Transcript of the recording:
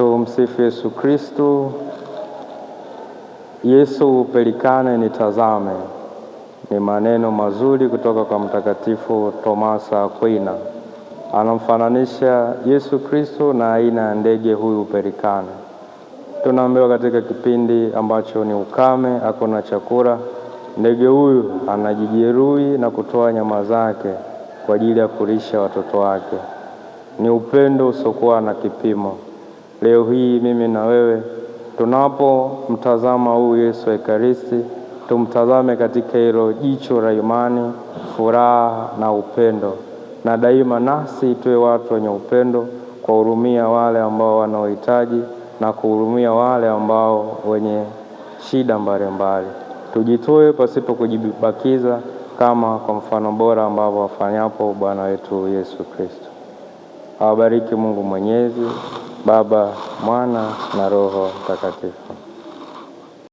Tumsifu Yesu Kristu. Yesu upelikane nitazame, ni maneno mazuri kutoka kwa Mtakatifu Tomasa Akwina. Anamfananisha Yesu Kristo na aina ya ndege huyu upelikane. Tunaambiwa katika kipindi ambacho ni ukame, hakuna chakula, ndege huyu anajijeruhi na kutoa nyama zake kwa ajili ya kulisha watoto wake. Ni upendo usiokuwa na kipimo. Leo hii mimi na wewe tunapomtazama huyu Yesu Ekaristi, tumtazame katika hilo jicho la imani, furaha na upendo, na daima nasi tuwe watu wenye upendo, kuwahurumia wale ambao wanaohitaji na kuhurumia wale ambao wenye shida mbalimbali. Tujitoe pasipo kujibakiza, kama kwa mfano bora ambavyo wafanyapo Bwana wetu Yesu Kristo. Awabariki Mungu Mwenyezi. Baba, Mwana na Roho Mtakatifu.